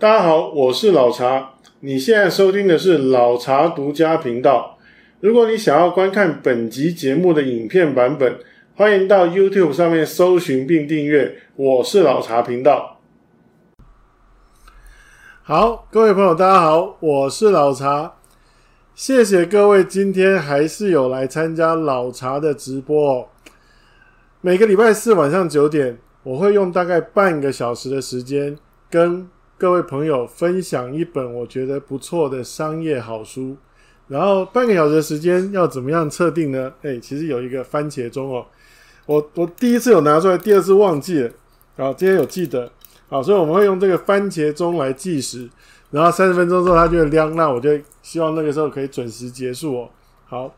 大家好，我是老查。你現在收聽的是老查獨家頻道。如果你想要觀看本集節目的影片版本，歡迎到 YouTube 上面搜尋並訂閱“我是老查頻道”。好，各位朋友，大家好，我是老查。謝謝各位今天還是有來參加老查的直播哦。每個禮拜四晚上九點，我會用大概半個小時的時間跟各位朋友，分享一本我覺得不錯的商業好書，然後半個小時的時間要怎麼樣測定呢？欸，其實有一個番茄鐘喔，我我第一次有拿出來，第二次忘記了，好，然後今天有記得，好，所以我們會用這個番茄鐘來計時，然後三十分鐘之後它就會亮，那我就希望那個時候可以準時結束喔。好，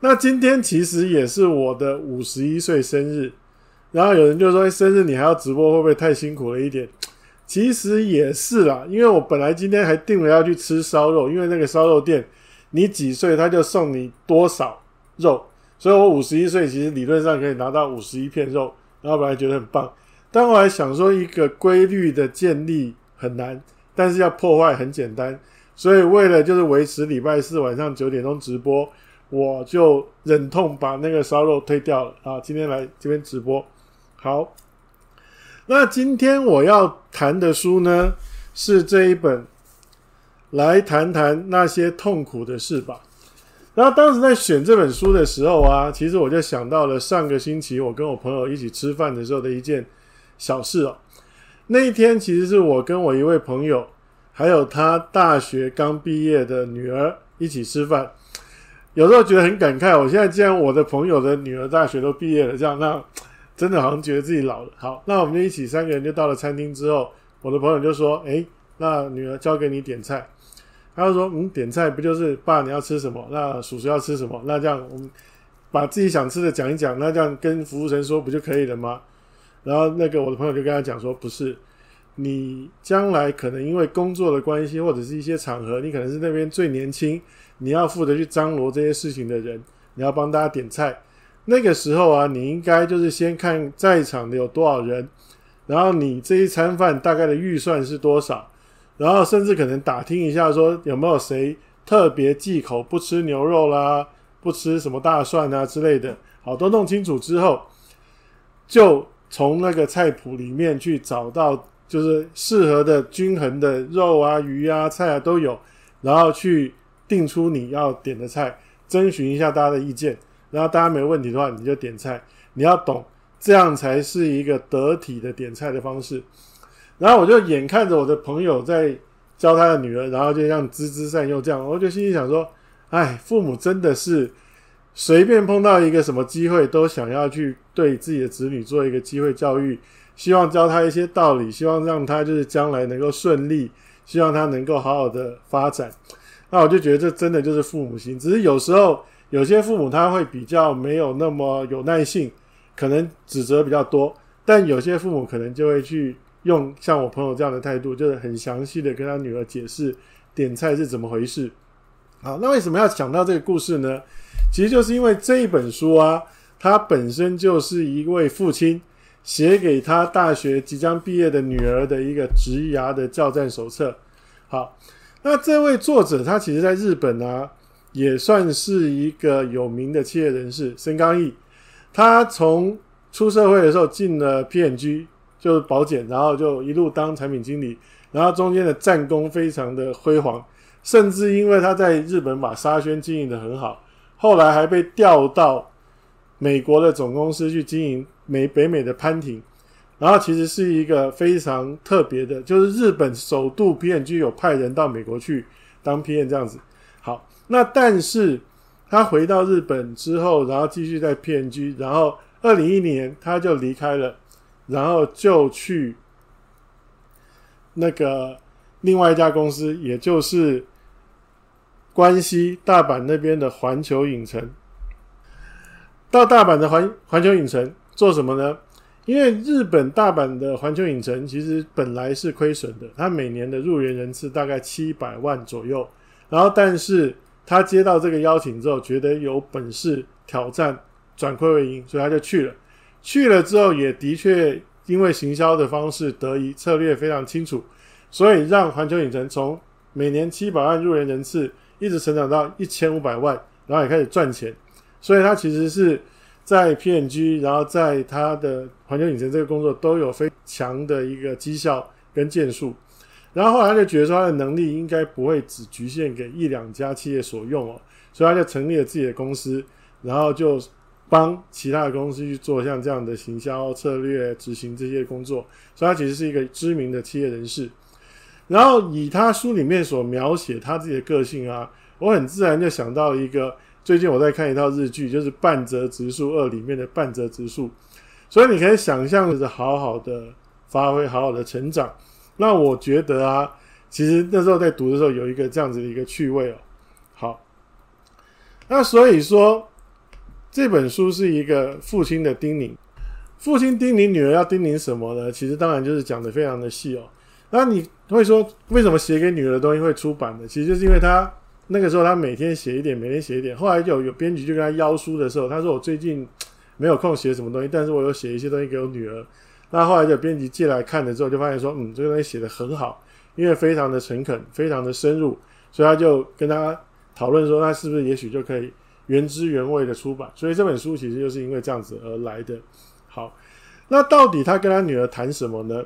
那今天其實也是我的五十一歲生日，然後有人就說，欸，生日你還要直播，會不會太辛苦了一點？其實也是啦，因為我本來今天還定了要去吃燒肉，因為那個燒肉店，你幾歲他就送你多少肉，所以我五十一歲，其實理論上可以拿到五十一片肉，然後本來覺得很棒，但後來想說一個規律的建立很難，但是要破壞很簡單，所以為了就是維持禮拜四晚上九點鐘直播，我就忍痛把那個燒肉推掉了啊，今天來這邊直播，好。那今天我要談的書呢，是這一本，來談談那些痛苦的事吧。然後當時在選這本書的時候啊，其實我就想到了上個星期我跟我朋友一起吃飯的時候的一件小事哦、喔。那一天其實是我跟我一位朋友，還有他大學剛畢業的女兒一起吃飯。有時候覺得很感慨，我現在既然我的朋友的女兒大學都畢業了，這樣那。真的好像覺得自己老了。好，那我們就一起三個人就到了餐廳之後，我的朋友就說：“哎，那女兒交給你點菜。”他就說：“嗯，點菜不就是爸你要吃什麼？那叔叔要吃什麼？那這樣我們，嗯，把自己想吃的講一講，那這樣跟服務生說不就可以了嗎？”然後那個我的朋友就跟他講說：“不是，你將來可能因為工作的關係或者是一些場合，你可能是那邊最年輕，你要負責去張羅這些事情的人，你要幫大家點菜。”那個時候啊，你應該就是先看在場的有多少人，然後你這一餐飯大概的預算是多少，然後甚至可能打聽一下說有沒有誰特別忌口，不吃牛肉啦，不吃什麼大蒜啊之類的，好，都弄清楚之後，就從那個菜譜裡面去找到就是適合的均衡的肉啊、魚啊、菜啊都有，然後去定出你要點的菜，徵詢一下大家的意見。然後大家沒問題的話，你就點菜。你要懂，這樣才是一個得體的點菜的方式。然後我就眼看着我的朋友在教他的女兒，然後就像循循善誘這樣，我就心裡想說，哎，父母真的是隨便碰到一個什麼機會，都想要去對自己的子女做一個機會教育，希望教他一些道理，希望讓他就是將來能夠順利，希望他能夠好好的發展。那我就覺得這真的就是父母心，只是有時候。有些父母他會比較沒有那麼有耐性，可能指責比較多，但有些父母可能就會去用像我朋友這樣的態度，就是很詳細的跟他女兒解釋點菜是怎麼回事。好，那為什麼要講到這個故事呢？其實就是因為這一本書啊，它本身就是一位父親寫給他大學即將畢業的女兒的一個職涯的教戰手冊。好，那這位作者他其實在日本啊。也算是一個有名的企業人士，森岡毅，他從出社會的時候進了 P&G，就是寶僑，然後就一路當產品經理，然後中間的戰功非常的輝煌，甚至因為他在日本把沙宣經營得很好，後來還被調到美國的總公司去經營美北美的潘婷，然後其實是一個非常特別的，就是日本首度 P&G 有派人到美國去當 PM 這樣子。那但是他回到日本之後，然後繼續在 PNG，然後二零一零年他就離開了，然後就去那個另外一家公司，也就是關西大阪那邊的環球影城。到大阪的環環球影城做什麼呢？因為日本大阪的環球影城其實本來是虧損的，它每年的入園人次大概七百萬左右，然後但是。他接到這個邀請之後，覺得有本事挑戰轉虧為盈，所以他就去了。去了之後，也的確因為行銷的方式得宜策略非常清楚，所以讓環球影城從每年七百萬入園人次一直成長到一千五百萬，然後也開始賺錢。所以他其實是在 P&G，然後在他的環球影城這個工作都有非常強的一個績效跟建樹。然後後來他就覺得說，他的能力應該不會只局限給一兩家企業所用哦，所以他就成立了自己的公司，然後就幫其他的公司去做像這樣的行銷策略執行這些工作，所以他其實是一個知名的企業人士。然後以他書裡面所描寫他自己的個性啊，我很自然就想到了一個最近我在看一套日劇，就是《半澤直樹二》裡面的半澤直樹，所以你可以想象的是好好的發揮，好好的成長。那我覺得啊，其實那時候在讀的時候有一個這樣子的一個趣味哦。好，那所以說這本書是一個父親的叮嚀，父親叮嚀女兒要叮嚀什麼呢？其實當然就是講得非常的細哦。那你會說為什麼寫給女兒的東西會出版的？其實就是因為他那個時候他每天寫一點，每天寫一點，後來就有，有編輯就跟他邀書的時候，他說，我最近沒有空寫什麼東西，但是我有寫一些東西給我女兒。那後來的編輯借來看了之後，就發現說，嗯，這個東西寫得很好，因為非常的誠懇，非常的深入，所以他就跟他討論說，那是不是也許就可以原汁原味的出版。所以這本書其實就是因為這樣子而來的。好，那到底他跟他女兒談什麼呢？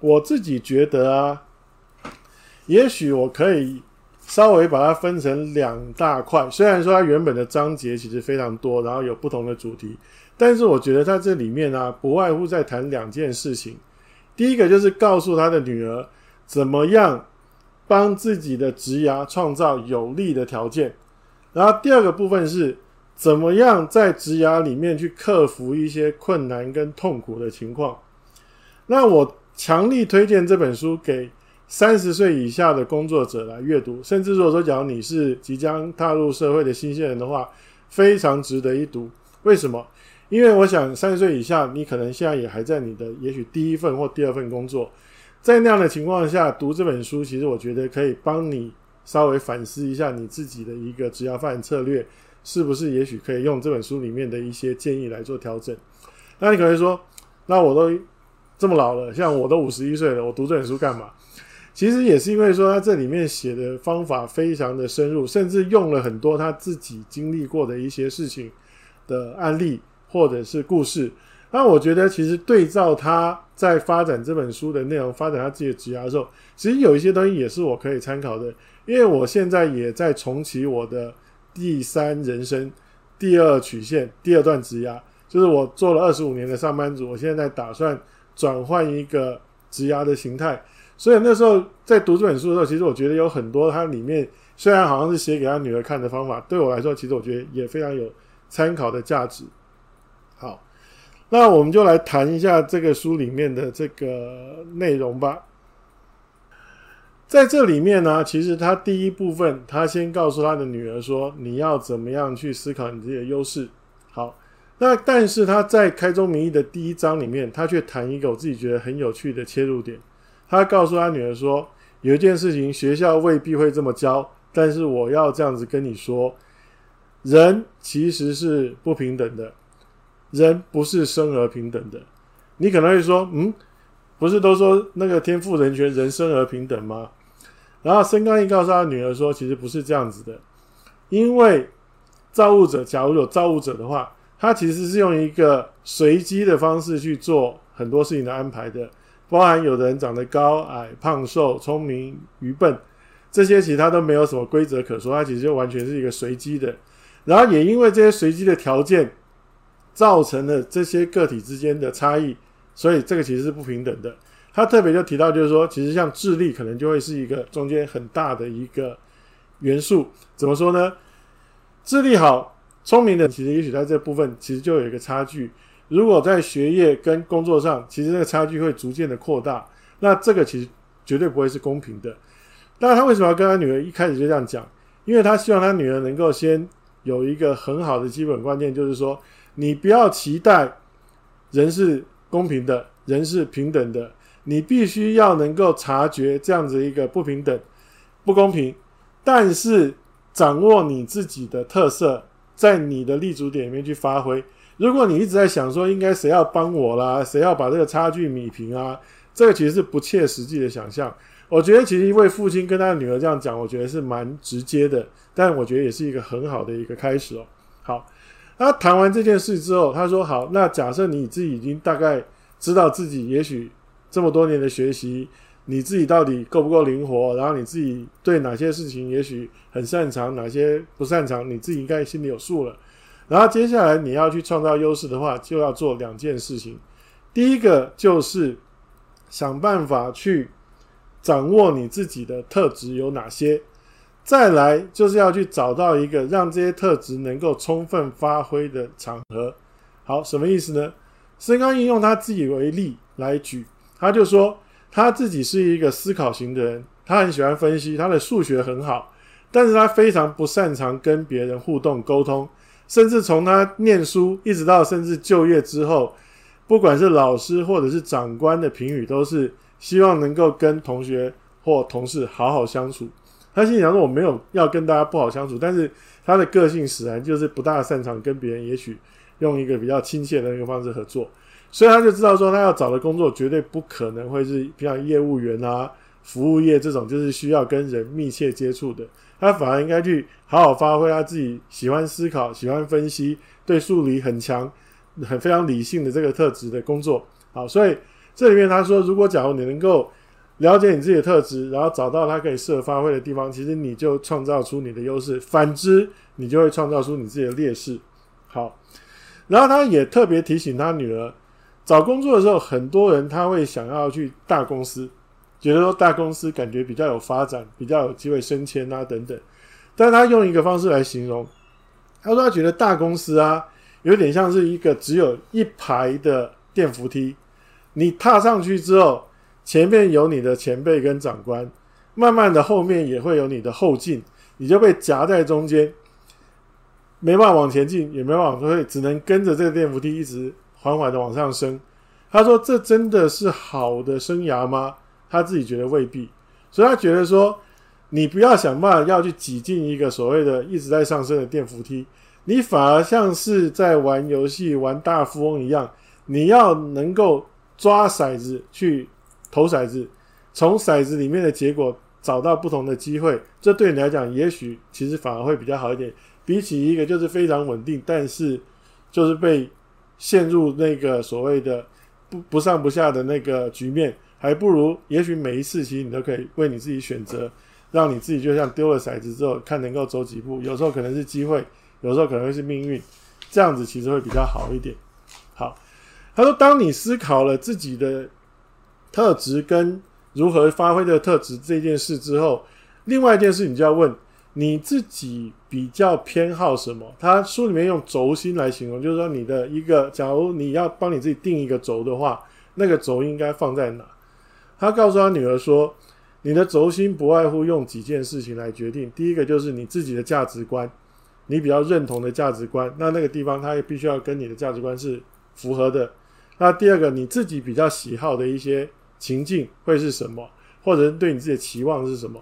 我自己覺得啊，也許我可以稍微把它分成兩大塊，雖然說它原本的章節其實非常多，然後有不同的主題。但是我覺得他這裡面呢、啊，不外乎在談兩件事情。第一個就是告訴他的女兒，怎麼樣幫自己的職涯創造有利的條件。然後第二個部分是，怎麼樣在職涯裡面去克服一些困難跟痛苦的情況。那我強力推薦這本書給三十歲以下的工作者來閱讀，甚至如果說，假如你是即將踏入社會的新鮮人的話，非常值得一讀。為什麼？因為我想，三十歲以下，你可能現在也還在你的也許第一份或第二份工作，在那樣的情況下，讀這本書，其實我覺得可以幫你稍微反思一下你自己的一個職業發展策略，是不是也許可以用這本書裡面的一些建議來做調整。那你可能會說，那我都這麼老了，像我都五十一歲了，我讀這本書幹嘛？其實也是因為說他這裡面寫的方法非常的深入，甚至用了很多他自己經歷過的一些事情的案例。或者是故事，那我覺得其實對照他在發展這本書的內容，發展他自己的職涯的時候，其實有一些東西也是我可以參考的。因為我現在也在重啟我的第三人生，第二曲線，第二段職涯，就是我做了二十五年的上班族，我現在在打算轉換一個職涯的形態。所以那時候在讀這本書的時候，其實我覺得有很多，它裡面雖然好像是寫給他女兒看的方法，對我來說，其實我覺得也非常有參考的價值。好，那我們就來談一下這個書裡面的這個內容吧。在這裡面呢、啊，其實他第一部分，他先告訴他的女兒說：“你要怎麼樣去思考你自己的優勢。”好，那但是他在開宗明義的第一章裡面，他卻談一個我自己覺得很有趣的切入點。他告訴他女兒說：“有一件事情學校未必會這麼教，但是我要這樣子跟你說，人其實是不平等的。”人不是生而平等的，你可能會說，嗯，不是都說那個天賦人權，人生而平等嗎？然後，森岡毅告訴他女兒說，其實不是這樣子的，因為造物者假如有造物者的話，他其實是用一個隨機的方式去做很多事情的安排的，包含有的人長得高矮胖瘦、聰明愚笨，這些其實他都沒有什麼規則可說，他其實就完全是一個隨機的。然後也因為這些隨機的條件。造成了這些個體之間的差異，所以這個其實是不平等的。他特別就提到，就是說，其實像智力可能就會是一個中間很大的一個元素。怎麼說呢？智力好、聰明的，其實也許在這部分其實就有一個差距。如果在學業跟工作上，其實那個差距會逐漸的擴大。那這個其實絕對不會是公平的。但是，他為什麼要跟他女兒一開始就這樣講？因為他希望他女兒能夠先有一個很好的基本觀念，就是說。你不要期待人是公平的，人是平等的。你必須要能夠察覺這樣子一個不平等、不公平，但是掌握你自己的特色，在你的立足點裡面去發揮。如果你一直在想說應該誰要幫我啦，誰要把這個差距弭平啊，這個其實是不切實際的想象。我覺得，其實一位父親跟他的女兒這樣講，我覺得是蠻直接的，但我覺得也是一個很好的一個開始哦、喔。好。他談完這件事之後，他說：“好，那假設你自己已經大概知道自己，也許這麼多年的學習，你自己到底夠不夠靈活？然後你自己對哪些事情也許很擅長，哪些不擅長，你自己應該心裡有數了。然後接下來你要去創造優勢的話，就要做兩件事情。第一個就是想辦法去掌握你自己的特質有哪些。”再來就是要去找到一個讓這些特質能夠充分發揮的場合。好，什麼意思呢？森岡毅用他自己為例來舉，他就說他自己是一個思考型的人，他很喜歡分析，他的數學很好，但是他非常不擅長跟別人互動溝通，甚至從他念書一直到甚至就業之後，不管是老師或者是長官的評語，都是希望能夠跟同學或同事好好相處。他心裡想說：“我沒有要跟大家不好相處，但是他的個性使然，就是不大擅長跟別人，也許用一個比較親切的那個方式合作。所以他就知道說，他要找的工作絕對不可能會是比方說業務員啊、服務業這種，就是需要跟人密切接觸的。他反而應該去好好發揮他自己喜歡思考、喜歡分析、對數理很強、很非常理性的這個特質的工作。好，所以這裡面他說，如果假如你能夠。”了解你自己的特質，然後找到他可以適合發揮的地方，其實你就創造出你的優勢；反之，你就會創造出你自己的劣勢。好，然後他也特別提醒他女兒，找工作的時候，很多人他會想要去大公司，覺得說大公司感覺比較有發展，比較有機會升遷啊等等。但他用一個方式來形容，他說他覺得大公司啊，有點像是一個只有一排的電扶梯，你踏上去之後，前面有你的前輩跟長官，慢慢的後面也會有你的後進，你就被夾在中間，沒辦法往前進，也沒辦法往後退，只能跟着這個電扶梯一直緩緩的往上升。他說：“這真的是好的生涯嗎？”他自己覺得未必，所以他覺得說：“你不要想辦法要去擠進一個所謂的一直在上升的電扶梯，你反而像是在玩遊戲、玩大富翁一樣，你要能夠抓骰子去。”投骰子，從骰子裡面的結果找到不同的機會，這對你來講，也許其實反而會比較好一點。比起一個就是非常穩定，但是就是被陷入那個所謂的不不上不下的那個局面，還不如也許每一次其實你都可以為你自己選擇，讓你自己就像丟了骰子之後，看能夠走幾步。有時候可能是機會，有時候可能會是命運，這樣子其實會比較好一點。好，他說，當你思考了自己的特質跟如何發揮這個特質這件事之後，另外一件事你就要問你自己比較偏好什麼。他書裡面用軸心來形容，就是說你的一個，假如你要幫你自己定一個軸的話，那個軸應該放在哪？他告訴他女兒說：“你的軸心不外乎用幾件事情來決定，第一個就是你自己的價值觀，你比較認同的價值觀，那那個地方他也必須要跟你的價值觀是符合的。那第二個你自己比較喜好的一些。”情境會是什麼，或者是對你自己的期望是什麼？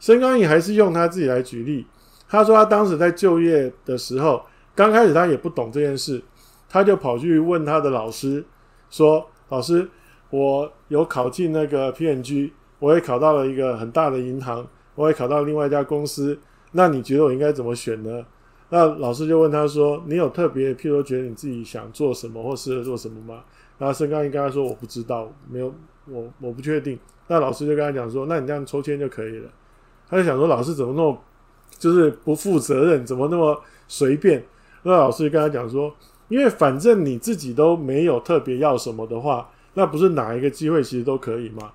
森岡毅還是用他自己來舉例。他說他當時在就業的時候，剛開始他也不懂這件事，他就跑去問他的老師說：“老師，我有考進那個 P&G，我也考到了一個很大的銀行，我也考到另外一家公司，那你覺得我應該怎麼選呢？”那老師就問他說：“你有特別，譬如覺得你自己想做什麼或適合做什麼嗎？”然後森岡毅跟他說：“我不知道，沒有。”我我不確定，那老師就跟他講說，那你這樣抽籤就可以了。他就想說，老師怎麼那麼就是不負責任，怎麼那麼隨便？那老師就跟他講說，因為反正你自己都沒有特別要什麼的話，那不是哪一個機會其實都可以嗎？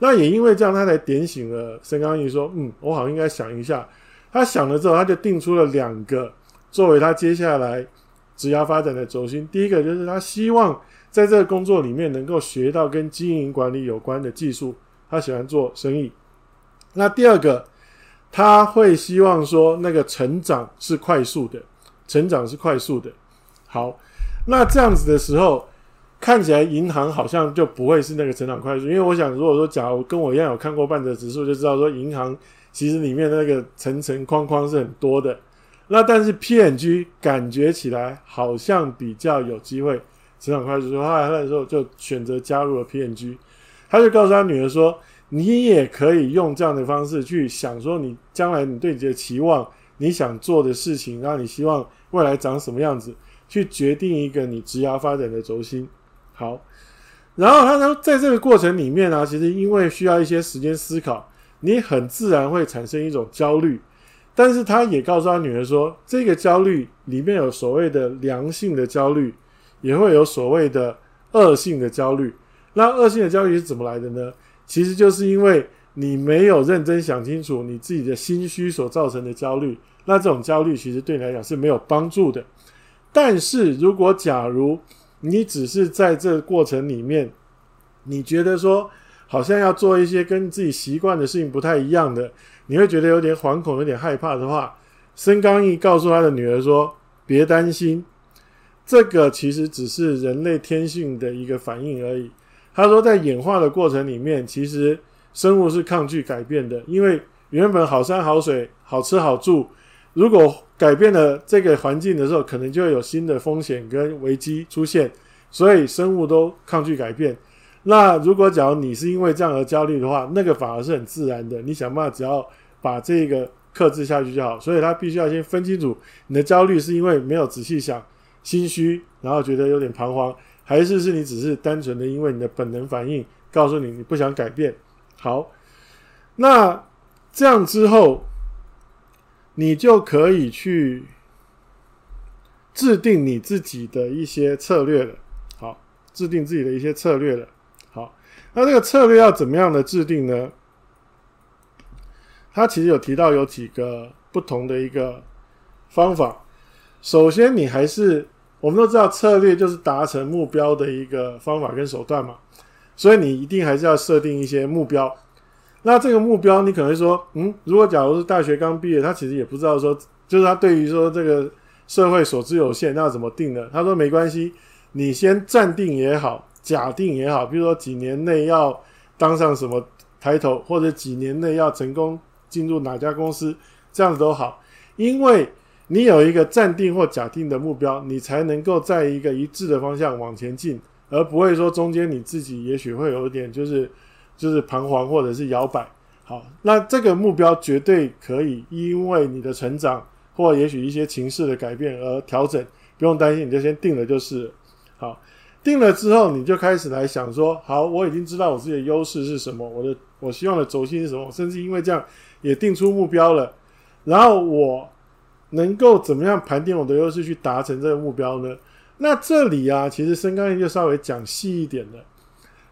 那也因為這樣，他才點醒了森岡毅說，嗯，我好像應該想一下。他想了之後，他就定出了兩個作為他接下來職涯發展的軸心。第一個就是他希望。在這個工作裡面能夠學到跟經營管理有關的技術，他喜歡做生意。那第二個，他會希望說那個成長是快速的，成長是快速的。好，那這樣子的時候，看起來銀行好像就不會是那個成長快速。因為我想，如果說假如跟我一樣有看過半澤直樹，就知道說銀行其實裡面那個層層框框是很多的。那但是 P&G 感覺起來好像比較有機會。成長快速，說他來之後就選擇加入了 P&G，他就告訴他女兒說：“你也可以用這樣的方式去想，說你將來你對你的期望，你想做的事情，然、啊、後你希望未來長什麼樣子，去決定一個你職涯發展的軸心。”好，然後他說，在這個過程裡面呢、啊，其實因為需要一些時間思考，你很自然會產生一種焦慮，但是他也告訴他女兒說：“這個焦慮裡面有所謂的良性的焦慮。”也會有所謂的惡性的焦慮。那惡性的焦慮是怎麼來的呢？其實就是因為你沒有認真想清楚你自己的心虛所造成的焦慮。那這種焦慮其實對你來講是沒有幫助的。但是如果假如你只是在這過程裡面，你覺得說好像要做一些跟自己習慣的事情不太一樣的，你會覺得有點惶恐、有點害怕的話，森岡毅告訴他的女兒說：“別擔心。”這個其實只是人類天性的一個反應而已。他說，在演化的過程裡面，其實生物是抗拒改變的，因為原本好山好水、好吃好住，如果改變了這個環境的時候，可能就會有新的風險跟危機出現，所以生物都抗拒改變。那如果假如你是因為這樣而焦慮的話，那個反而是很自然的，你想辦法只要把這個克制下去就好。所以他必須要先分清楚，你的焦慮是因為沒有仔細想。心虛，然後覺得有點彷徨，還是是你只是單純的因為你的本能反應告訴你，你不想改變。好，那這樣之後，你就可以去制定你自己的一些策略了。好，制定自己的一些策略了。好，那這個策略要怎麼樣的制定呢？他其實有提到有幾個不同的一個方法。首先，你還是我們都知道，策略就是達成目標的一個方法跟手段嘛。所以你一定還是要設定一些目標。那這個目標，你可能說，嗯，如果假如是大學剛畢業，他其實也不知道說，就是他對於說這個社會所知有限，那怎麼定呢？他說沒關係，你先暫定也好，假定也好，比如說幾年內要當上什麼抬頭，或者幾年內要成功進入哪家公司，這樣子都好，因為。你有一個暫定或假定的目標，你才能夠在一個一致的方向往前進，而不會說中間你自己也許會有一點就是就是彷徨或者是搖擺。好，那這個目標絕對可以因為你的成長或也許一些情勢的改變而調整，不用擔心，你就先定了就是了。好，定了之後，你就開始來想說，好，我已經知道我自己的優勢是什麼，我的我希望的軸心是什麼，甚至因為這樣也定出目標了，然後我。能夠怎麼樣盤點我的優勢去達成這個目標呢？那這裡啊，其實森岡毅就稍微講細一點了。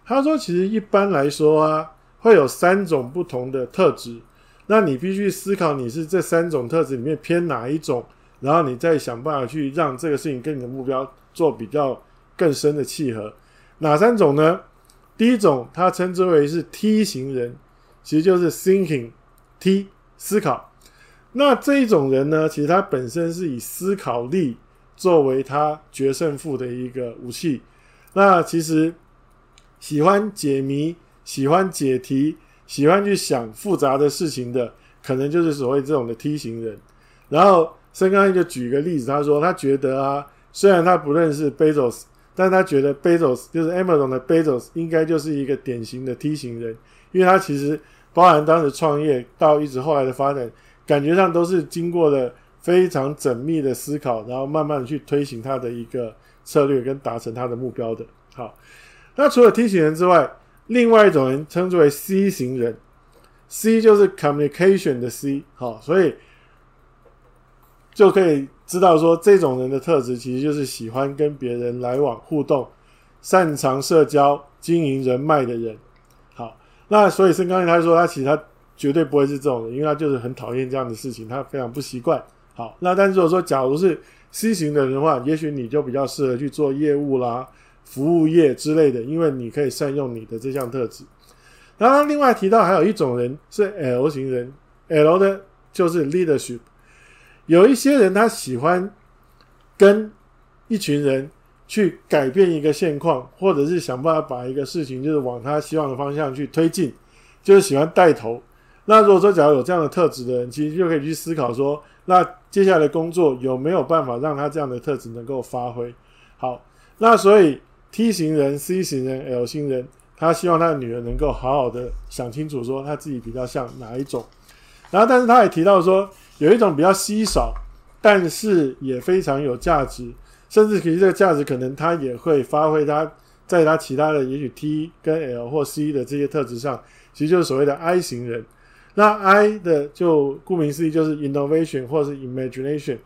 他說，其實一般來說啊，會有三種不同的特質。那你必須思考你是這三種特質裡面偏哪一種，然後你再想辦法去讓這個事情跟你的目標做比較更深的契合。哪三種呢？第一種，他稱之為是 T 型人，其實就是 thinking T 思考。那這一種人呢，其實他本身是以思考力作為他決勝負的一個武器。那其實喜歡解謎、喜歡解題、喜歡去想複雜的事情的，可能就是所謂這種的 T 型人。然後，森岡毅就舉一個例子，他說他覺得啊，雖然他不認識 Bezos，但他覺得 Bezos 就是 Amazon 的 Bezos，應該就是一個典型的 T 型人，因為他其實包含當時創業到一直後來的發展。感覺上都是經過了非常縝密的思考，然後慢慢去推行他的一個策略跟達成他的目標的。好，那除了 T 型人之外，另外一種人稱之為 C 型人，C 就是 communication 的 C。好，所以就可以知道說這種人的特質其實就是喜歡跟別人來往互動，擅長社交、經營人脈的人。好，那所以森岡毅他說他其實他。絕對不會是這種的，因為他就是很討厭這樣的事情，他非常不習慣。好，那但是如果說假如是 C 型的人的話，也許你就比較適合去做業務啦、服務業之類的，因為你可以善用你的這項特質。然後他另外提到還有一種人是 L 型人，L 的就是 leadership。有一些人他喜歡跟一群人去改變一個現況，或者是想辦法把一個事情就是往他希望的方向去推進，就是喜歡帶頭。那如果說，假如有這樣的特質的人，其實就可以去思考說，那接下來的工作有沒有辦法讓他這樣的特質能夠發揮好？那所以 T 型人、C 型人、L 型人，他希望他的女兒能夠好好的想清楚，說他自己比較像哪一種。然後，但是他也提到說，有一種比較稀少，但是也非常有價值，甚至其實這個價值可能他也會發揮他，在他其他的也許 T 跟 L 或 C 的這些特質上，其實就是所謂的 I 型人。那 I 的就顧名思義就是 innovation 或者是 imagination，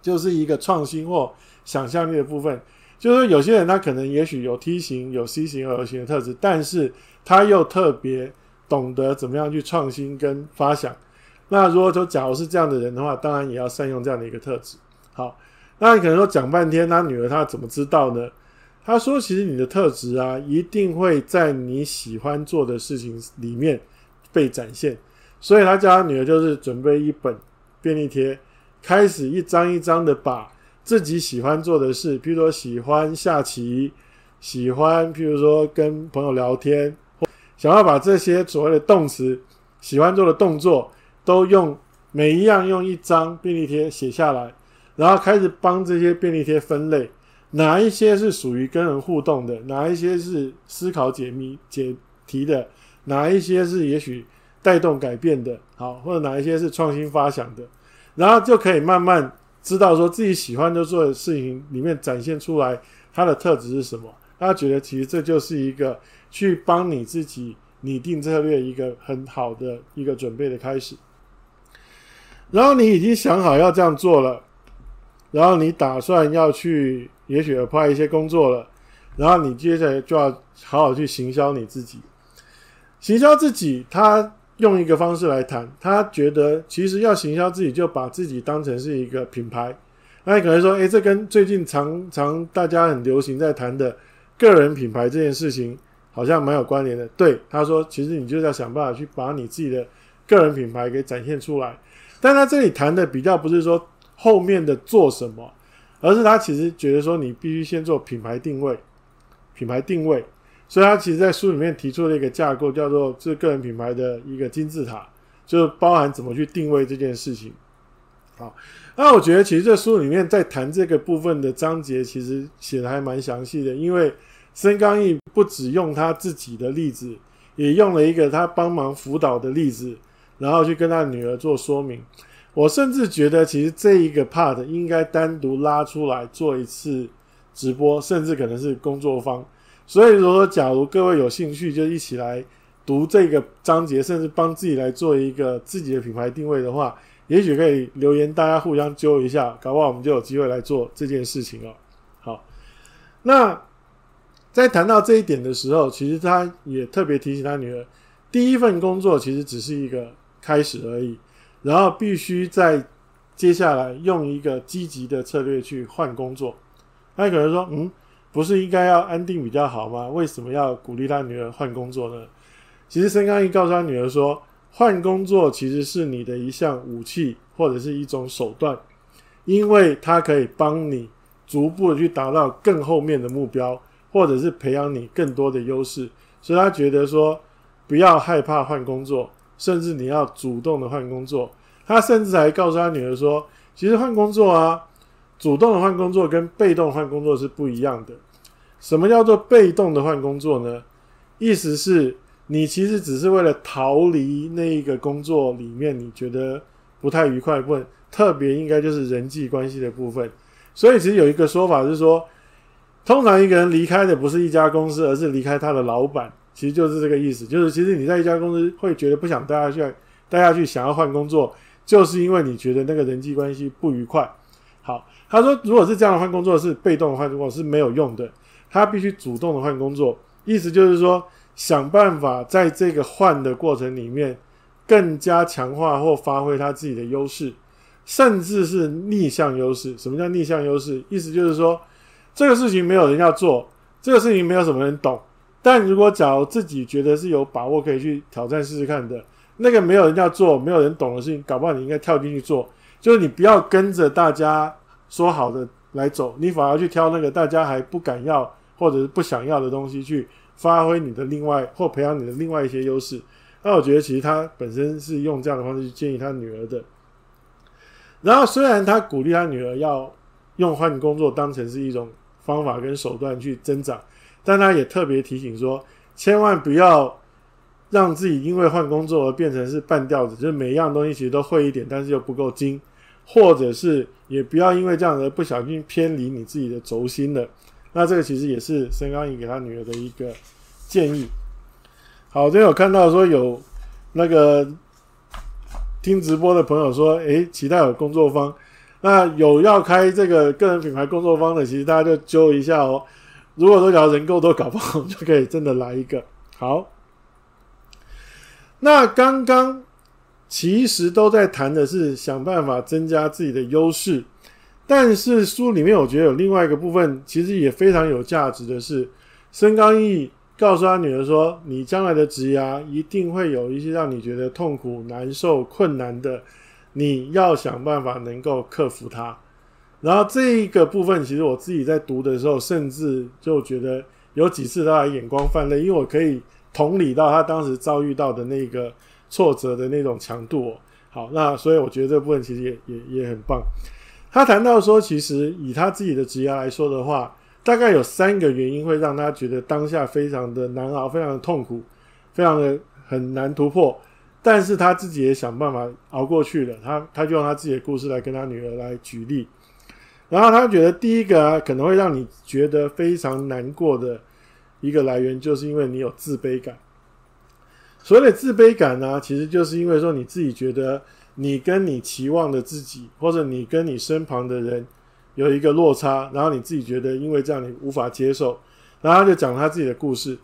就是一個創新或想象力的部分。就是說有些人他可能也許有 T 型、有 C 型、有 L 型的特質，但是他又特別懂得怎麼樣去創新跟發想。那如果說假如是這樣的人的話，當然也要善用這樣的一個特質。好，那你可能說講半天，他女兒她怎麼知道呢？他說：“其實你的特質啊，一定會在你喜歡做的事情裡面被展現。”所以他家女兒就是準備一本便利貼，開始一張一張的把自己喜歡做的事，譬如說喜歡下棋，喜歡譬如說跟朋友聊天，或想要把這些所謂的動詞、喜歡做的動作，都用每一樣用一張便利貼寫下來，然後開始幫這些便利貼分類，哪一些是屬於跟人互動的，哪一些是思考解謎解題的，哪一些是也許。帶動改變的好，或者哪一些是創新發想的，然後就可以慢慢知道說自己喜歡就做的事情裡面展現出來他的特質是什麼。大家覺得其實這就是一個去幫你自己擬定策略一個很好的一個準備的開始。然後你已經想好要這樣做了，然後你打算要去也許要 apply 一些工作了，然後你接下來就要好好去行銷你自己，行銷自己他。用一個方式來談，他覺得其實要行銷自己，就把自己當成是一個品牌。那你可能說，誒，這跟最近常常大家很流行在談的個人品牌這件事情好像蠻有關聯的。對，他說，其實你就要想辦法去把你自己的個人品牌給展現出來。但他這裡談的比較不是說後面的做什麼，而是他其實覺得說你必須先做品牌定位，品牌定位。所以他其實在書裡面提出了一個架構，叫做“這個人品牌的一個金字塔”，就是包含怎麼去定位這件事情。好，那我覺得其實這書裡面在談這個部分的章節，其實寫的還蠻詳細的。因為森岡毅不止用他自己的例子，也用了一個他幫忙輔導的例子，然後去跟他女兒做說明。我甚至覺得，其實這一個 part 應該單獨拉出來做一次直播，甚至可能是工作坊。所以如果假如各位有興趣，就一起來讀這個章節，甚至幫自己來做一個自己的品牌定位的話，也許可以留言，大家互相揪一下，搞不好我們就有機會來做這件事情了。好，那在談到這一點的時候，其實他也特別提醒他女兒，第一份工作其實只是一個開始而已，然後必須在接下來用一個積極的策略去換工作。他可能說，嗯。不是應該要安定比較好嗎？為什麼要鼓勵他女兒換工作呢？其實森岡毅告訴他女兒說：“換工作其實是你的一項武器或者是一種手段，因為它可以幫你逐步的去達到更後面的目標，或者是培養你更多的優勢。”所以他覺得說不要害怕換工作，甚至你要主動的換工作。他甚至還告訴他女兒說：“其實換工作啊。”主動的換工作跟被動的換工作是不一樣的。什麼叫做被動的換工作呢？意思是你其實只是為了逃離那一個工作裡面你覺得不太愉快的部分，特別應該就是人際關係的部分。所以其實有一個說法是說，通常一個人離開的不是一家公司，而是離開他的老闆。其實就是這個意思，就是其實你在一家公司會覺得不想待下去，待下去想要換工作，就是因為你覺得那個人際關係不愉快。好，他說，如果是這樣換工作是被動的換工作是沒有用的，他必須主動的換工作。意思就是說，想辦法在這個換的過程裡面更加強化或發揮他自己的優勢，甚至是逆向優勢。什麼叫逆向優勢？意思就是說，這個事情沒有人要做，這個事情沒有什麼人懂。但如果假如自己覺得是有把握可以去挑戰試試看的，那個沒有人要做、沒有人懂的事情，搞不好你應該跳進去做。就是你不要跟着大家說好的來走，你反而去挑那個大家還不敢要或者是不想要的東西去發揮你的另外或培養你的另外一些優勢。那我覺得其實他本身是用這樣的方式去建議他女兒的。然後雖然他鼓勵他女兒要用換工作當成是一種方法跟手段去增長，但他也特別提醒說，千萬不要。讓自己因為換工作而變成是半吊子，就是每一樣東西其實都會一點，但是又不夠精，或者是也不要因為這樣子不小心偏離你自己的軸心了。那這個其實也是森岡毅給他女兒的一個建議。好，今天有看到說有那個聽直播的朋友說，誒，期待有工作坊，那有要開這個個人品牌工作坊的，其實大家就揪一下哦。如果說只要人夠多，搞不好就可以真的來一個。好。那剛剛其實都在談的是想辦法增加自己的優勢，但是書裡面我覺得有另外一個部分，其實也非常有價值的是，森岡毅告訴他女兒說：“你將來的職涯一定會有一些讓你覺得痛苦、難受、困難的，你要想辦法能夠克服它。”然後這一個部分，其實我自己在讀的時候，甚至就覺得有幾次他的眼光泛淚，因為我可以。同理到他當時遭遇到的那個挫折的那種強度。哦，好，那所以我覺得這部分其實也也也很棒。他談到說，其實以他自己的職業來說的話，大概有三個原因會讓他覺得當下非常的難熬，非常的痛苦，非常的很難突破。但是他自己也想辦法熬過去了。他他就用他自己的故事來跟他女兒來舉例，然後他覺得第一個啊，可能會讓你覺得非常難過的，一個來源就是因為你有自卑感。所謂的自卑感呢、啊，其實就是因為說你自己覺得你跟你期望的自己，或者你跟你身旁的人有一個落差，然後你自己覺得因為這樣你無法接受，然後他就講他自己的故事。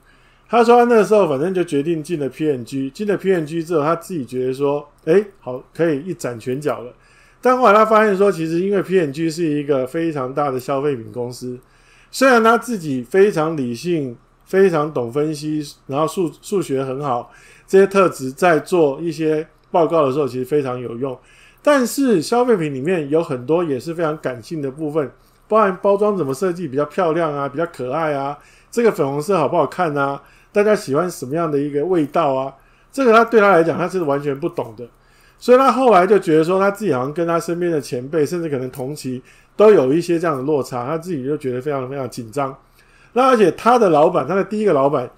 他說他那時候反正就決定進了 P&G，進了 P&G 之後，他自己覺得說，哎，好，可以一展拳腳了。但後來他發現說，其實因為 P&G 是一個非常大的消費品公司，雖然他自己非常理性。非常懂分析，然後數數學很好，這些特質在做一些報告的時候其實非常有用。但是消費品裡面有很多也是非常感性的部分，包含包裝怎麼設計比較漂亮啊，比較可愛啊，這個粉紅色好不好看啊，大家喜歡什麼樣的一個味道啊，這個他對他來講他是完全不懂的。所以他後來就覺得說他自己好像跟他身邊的前輩，甚至可能同期都有一些這樣的落差，他自己就覺得非常非常緊張。那而且他的老闆，他的第一個老闆，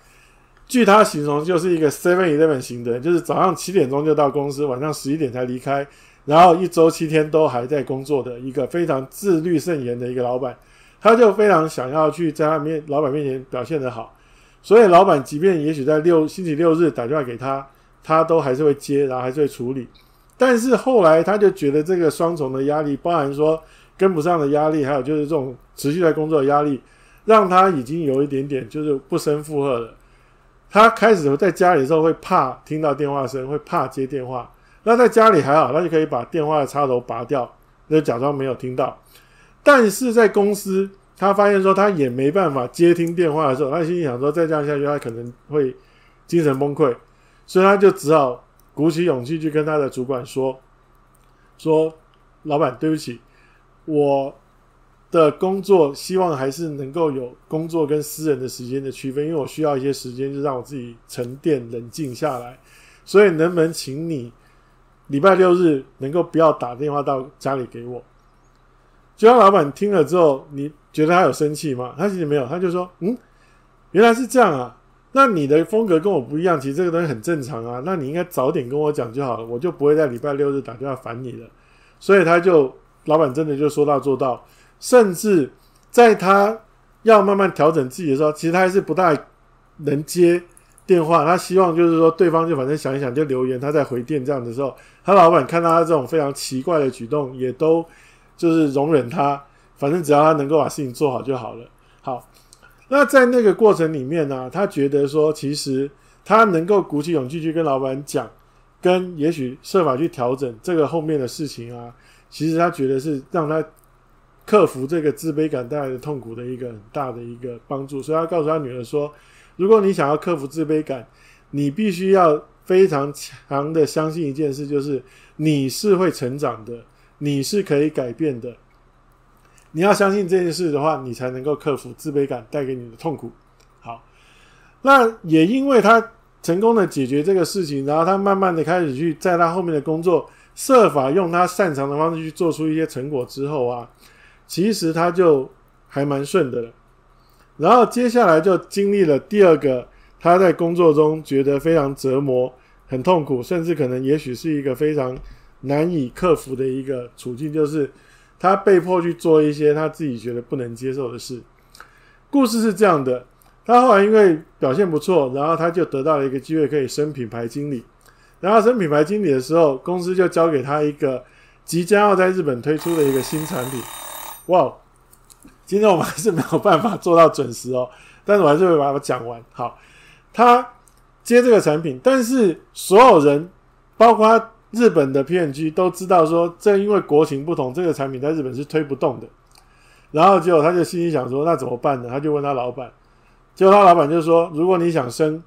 據他形容，就是一個 seven eleven 型的人，就是早上七點鐘就到公司，晚上十一點才離開，然後一周七天都還在工作的一個非常自律甚嚴的一個老闆。他就非常想要去在他面老闆面前表現得好，所以老闆即便也許在六星期六日打電話給他，他都還是會接，然後還是會處理。但是後來他就覺得這個雙重的壓力，包含說跟不上的壓力，還有就是這種持續在工作的壓力。讓他已經有一點點就是不勝負荷了。他開始在家裡的時候會怕聽到電話聲，會怕接電話。那在家裡還好，他就可以把電話的插頭拔掉，就假裝沒有聽到。但是在公司，他發現說他也沒辦法接聽電話的時候，他心裡想說再這樣下去，他可能會精神崩潰，所以他就只好鼓起勇氣去跟他的主管說：“說老闆，對不起，我。”的工作希望還是能夠有工作跟私人的時間的區分，因為我需要一些時間，就讓我自己沉澱、冷靜下來。所以能不能請你禮拜六日能夠不要打電話到家裡給我？就讓老闆聽了之後，你覺得他有生氣嗎？他其實沒有，他就說：“嗯，原來是這樣啊。那你的風格跟我不一樣，其實這個東西很正常啊。那你應該早點跟我講就好了，我就不會在禮拜六日打電話煩你了。”所以他就老闆真的就說到做到。甚至在他要慢慢調整自己的時候，其實他還是不大能接電話。他希望就是說，對方就反正想一想就留言，他再回電。這樣的時候，他老板看到他這種非常奇怪的舉動，也都就是容忍他。反正只要他能夠把事情做好就好了。好，那在那個過程裡面呢、啊，他覺得說，其實他能夠鼓起勇氣去跟老板講，跟也許設法去調整這個後面的事情啊。其實他覺得是讓他。克服這個自卑感帶來的痛苦的一個很大的一個幫助，所以他告訴他女兒說：“如果你想要克服自卑感，你必須要非常強的相信一件事，就是你是會成長的，你是可以改變的。你要相信這件事的話，你才能夠克服自卑感帶給你的痛苦。”好，那也因為他成功的解決這個事情，然後他慢慢的開始去在他後面的工作，設法用他擅長的方式去做出一些成果之後啊。其實他就還蠻順的了，然後接下來就經歷了第二個他在工作中覺得非常折磨、很痛苦，甚至可能也許是一個非常難以克服的一個處境，就是他被迫去做一些他自己覺得不能接受的事。故事是這樣的：他後來因為表現不錯，然後他就得到了一個機會，可以升品牌經理。然後升品牌經理的時候，公司就交給他一個即將要在日本推出的一個新產品。哇、wow，今天我們還是沒有辦法做到準時哦，但是我還是會把它講完。好，他接這個產品，但是所有人，包括日本的 P&G 都知道說，正因為國情不同，這個產品在日本是推不動的。然後結果他就心裡想說，那怎麼辦呢？他就問他老板，結果他老板就說，如果你想升，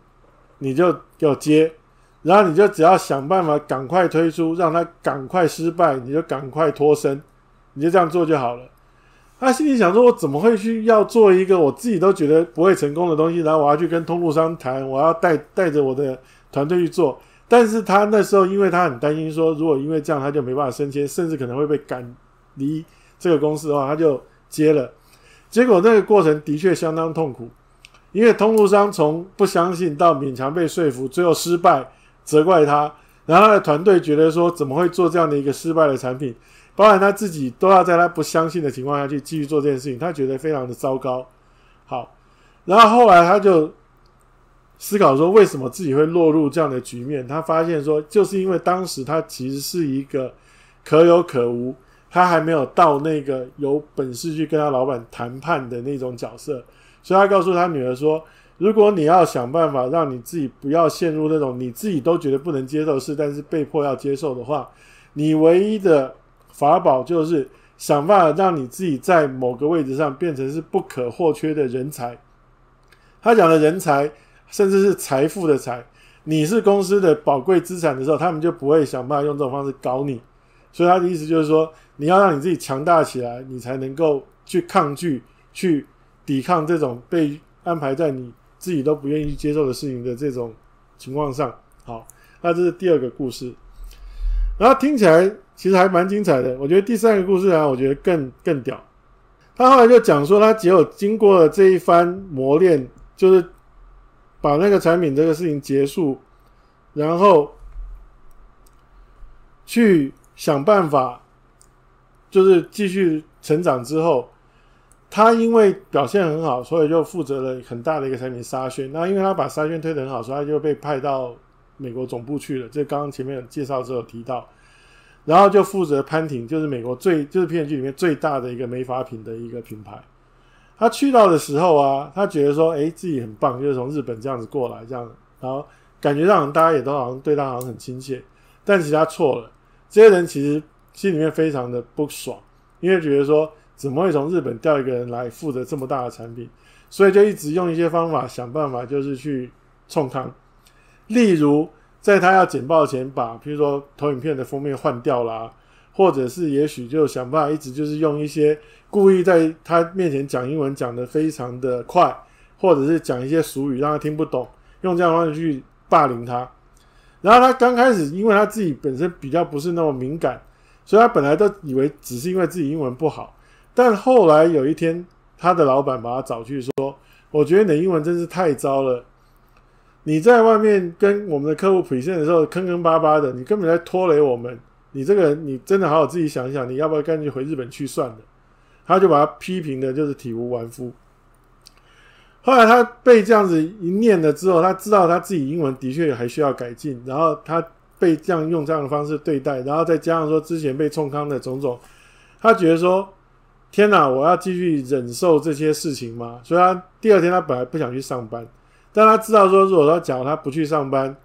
你就給我接，然後你就只要想辦法趕快推出，讓他趕快失敗，你就趕快脫身，你就這樣做就好了。他心裡想說：“我怎麼會去要做一個我自己都覺得不會成功的東西？然後我要去跟通路商談，我要帶帶着我的團隊去做。”但是他那時候，因為他很擔心說，如果因為這樣他就沒辦法升遷，甚至可能會被趕離這個公司的話，他就接了。結果那個過程的確相當痛苦，因為通路商從不相信到勉強被說服，最後失敗，責怪他，然後他的團隊覺得說：“怎麼會做這樣的一個失敗的產品？”包含他自己都要在他不相信的情況下去繼續做這件事情，他覺得非常的糟糕。好，然後後來他就思考說，為什麼自己會落入這樣的局面？他發現說，就是因為當時他其實是一個可有可無，他還沒有到那個有本事去跟他老板談判的那種角色。所以，他告訴他女兒說：“如果你要想辦法讓你自己不要陷入那種你自己都覺得不能接受的事，但是被迫要接受的話，你唯一的。”法寶就是想辦法讓你自己在某個位置上變成是不可或缺的人才。他講的人才，甚至是財富的財，你是公司的寶貴資產的時候，他們就不會想辦法用這種方式搞你。所以他的意思就是說，你要讓你自己強大起來，你才能夠去抗拒、去抵抗這種被安排在你自己都不願意去接受的事情的這種情況上。好，那這是第二個故事。然後聽起來其實還蠻精彩的。我覺得第三個故事啊，我覺得更更屌。他後來就講說，他只有經過了這一番磨練，就是把那個產品這個事情結束，然後去想辦法，就是繼續成長之後，他因為表現很好，所以就負責了很大的一個產品沙宣，那因為他把沙宣推得很好，所以他就被派到。美國總部去了，這剛剛前面介紹的時候提到，然後就負責潘婷，就是美國最就是片區裡面最大的一個美髮品的一個品牌。他去到的時候啊，他覺得說，哎，自己很棒，就是從日本這樣子過來這樣，然後感覺上大家也都好像對他好像很親切，但其實他錯了。這些人其實心裡面非常的不爽，因為覺得說，怎麼會從日本調一個人來負責這麼大的產品，所以就一直用一些方法想辦法，就是去衝康例如，在他要簡報前，把譬如說投影片的封面換掉啦、啊，或者是也許就想辦法一直就是用一些故意在他面前講英文講得非常的快，或者是講一些俗語讓他聽不懂，用這樣的方式去霸凌他。然後他剛開始，因為他自己本身比較不是那麼敏感，所以他本來都以為只是因為自己英文不好，但後來有一天，他的老闆把他找去說：“我覺得你的英文真是太糟了。”你在外面跟我們的客戶 present 的時候坑坑巴巴的，你根本在拖累我們。你這個人，你真的好好自己想一想，你要不要乾脆回日本去算了？他就把他批評的，就是體無完膚。後來他被這樣子一念了之後，他知道他自己英文的確還需要改進。然後他被這樣用這樣的方式對待，然後再加上說之前被沖康的種種，他覺得說天哪，我要繼續忍受這些事情嗎？所以，他第二天他本來不想去上班。但他知道說，如果他講他不去上班，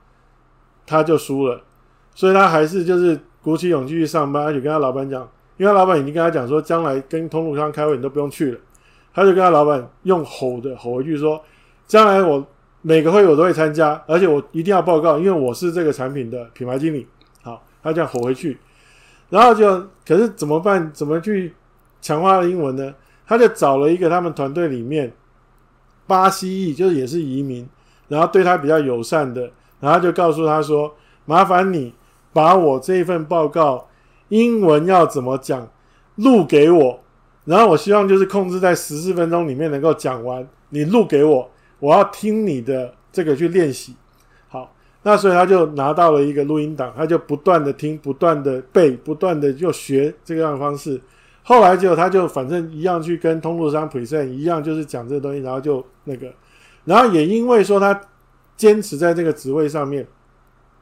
他就輸了，所以他還是就是鼓起勇氣去上班，而且跟他老板講，因為他老板已經跟他講說，將來跟通路商開會你都不用去了，他就跟他老板用吼的吼回去說，將來我每個會我都會參加，而且我一定要報告，因為我是這個產品的品牌經理。好，他這樣吼回去，然後就可是怎麼辦？怎麼去強化英文呢？他就找了一個他們團隊裡面。巴西裔，就是也是移民，然後對他比較友善的，然後就告訴他說：“麻煩你把我這一份報告英文要怎麼講錄給我，然後我希望就是控制在十四分鐘裡面能夠講完，你錄給我，我要聽你的這個去練習。”好，那所以他就拿到了一個錄音檔，他就不斷的聽，不斷的背，不斷的就學這個樣的方式。後來就他，就反正一樣去跟通路商 present 一樣，就是講這個東西，然後就那個，然後也因為說他堅持在這個職位上面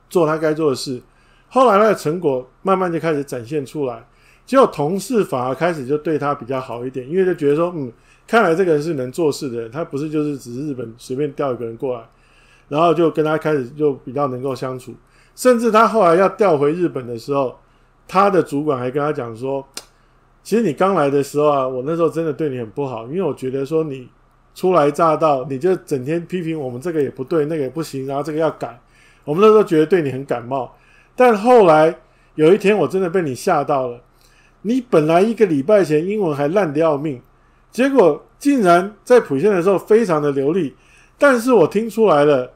做他該做的事，後來他的成果慢慢就開始展現出來。結果同事反而開始就對他比較好一點，因為就覺得說，嗯，看來這個人是能做事的人，他不是就是只是日本隨便調一個人過來，然後就跟他開始就比較能夠相處。甚至他後來要調回日本的時候，他的主管還跟他講說，其實你剛來的時候啊，我那時候真的對你很不好，因為我覺得說你初來乍到，你就整天批評我們這個也不對，那個也不行，然後這個要改。我們那時候覺得對你很感冒，但後來有一天我真的被你嚇到了。你本來一個禮拜前英文還爛得要命，結果竟然在普線的時候非常的流利。但是我聽出來了，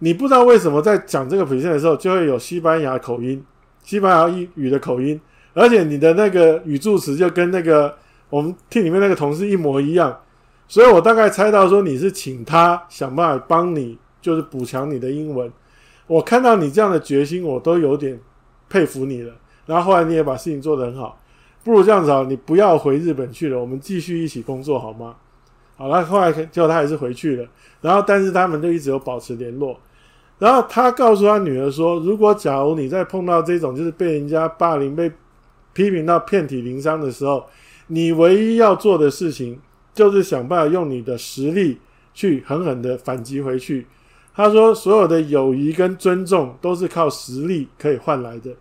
你不知道為什麼在講這個普線的時候就會有西班牙口音，西班牙語的口音。而且你的那個語助詞就跟那個我們廳裡面那個同事一模一樣，所以我大概猜到說你是請他想辦法幫你，就是補強你的英文。我看到你這樣的決心，我都有點佩服你了。然後後來你也把事情做得很好，不如這樣子啊，你不要回日本去了，我們繼續一起工作好嗎？好了，後來最後他還是回去了。然後但是他們就一直有保持聯絡。然後他告訴他女兒說，如果假如你再碰到這種就是被人家霸凌被。批評到遍體鱗傷的時候，你唯一要做的事情就是想辦法用你的實力去狠狠的反擊回去。他說：“所有的友誼跟尊重都是靠實力可以換來的。”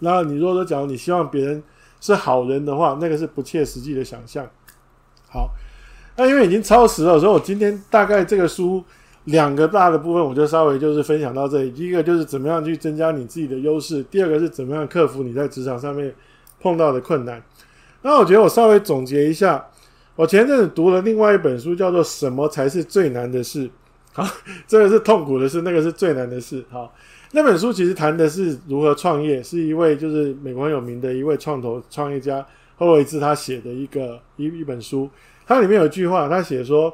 然後你如果說講你希望別人是好人的話，那個是不切實際的想象。好，那因為已經超時了，所以我今天大概這個書兩個大的部分，我就稍微就是分享到這裡。一個就是怎麼樣去增加你自己的優勢，第二個是怎麼樣克服你在職場上面。碰到的困難，那我覺得我稍微總結一下。我前陣子讀了另外一本書，叫做《什麼才是最難的事》。好，這個是痛苦的事，那個是最難的事。好，那本書其實談的是如何創業，是一位就是美國有名的一位創投創業家霍維茲他寫的一個一一本書。它裡面有一句話，他寫說：“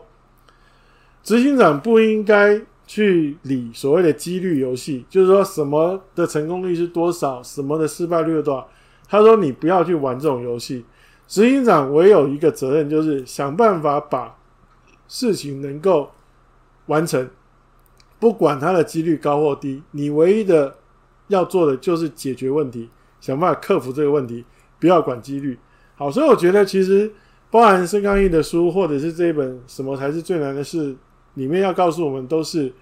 執行長不應該去理所謂的幾率遊戲，就是說什麼的成功率是多少，什麼的失敗率是多少。”他說：“你不要去玩這種遊戲。執行長，唯有一個責任，就是想辦法把事情能夠完成，不管它的幾率高或低。你唯一的要做的就是解決問題，想辦法克服這個問題，不要管幾率。好，所以我覺得，其實包含森岡毅的書，或者是這一本《什麼才是最難的事》，裡面要告訴我們，都是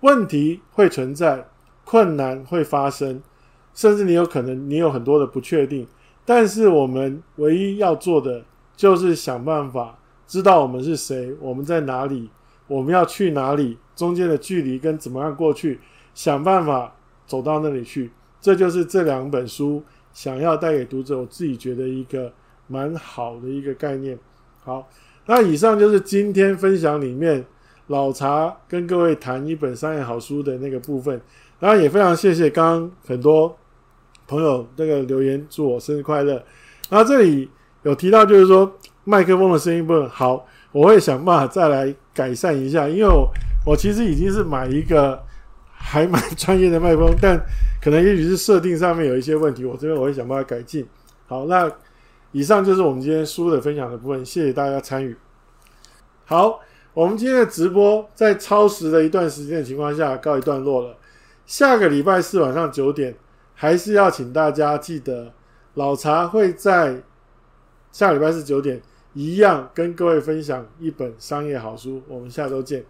問題會存在，困難會發生。”甚至你有可能你有很多的不確定，但是我們唯一要做的就是想辦法知道我們是誰，我們在哪裡，我們要去哪裡，中間的距離跟怎麼樣過去，想辦法走到那裡去。這就是這兩本書想要帶給讀者，我自己覺得一個蠻好的一個概念。好，那以上就是今天分享裡面老查跟各位談一本商業好書的那個部分。然後也非常謝謝剛剛很多。朋友那個留言祝我生日快樂，然後這裡有提到就是說麥克風的聲音不好，我會想辦法再來改善一下，因為我我其實已經是買一個還蠻專業的麥克風，但可能也許是設定上面有一些問題，我這邊我會想辦法改進。好，那以上就是我們今天書的分享的部分，謝謝大家參與。好，我們今天的直播在超時的一段時間的情況下告一段落了，下個禮拜四晚上九點。還是要請大家記得，老查會在下禮拜四九點，一樣跟各位分享一本商業好書。我們下周見。